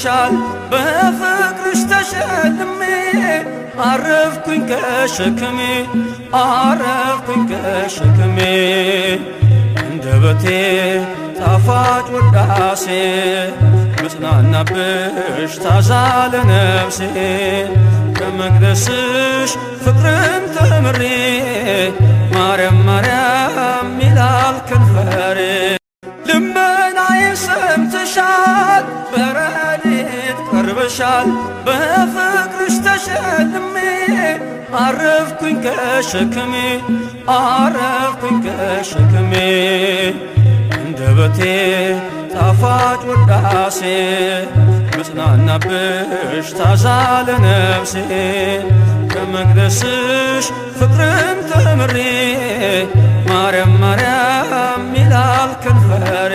ሻል በፍቅርሽ ተሸልሜ አረፍኩኝ ከሸክሜ አረፍኩኝ ከሸክሜ እንደበቴ ጣፋጭ ወዳሴ መጽናናብሽ ታዛ ለነፍሴ ከመቅደስሽ ፍቅርን ተምሬ ማርያም ማርያም ይላል ከንፈሬ ይሻል በፍቅርሽ ተሸልሜ አረፍኩኝ ከሸክሜ አረፍኩኝ ከሸክሜ እንደበቴ ጣፋጭ ወዳሴ መጽናናብሽ ታዛ ለነፍሴ ከመቅደስሽ ፍቅርን ተምሬ ማርያም ማርያም ይላል ከንፈሬ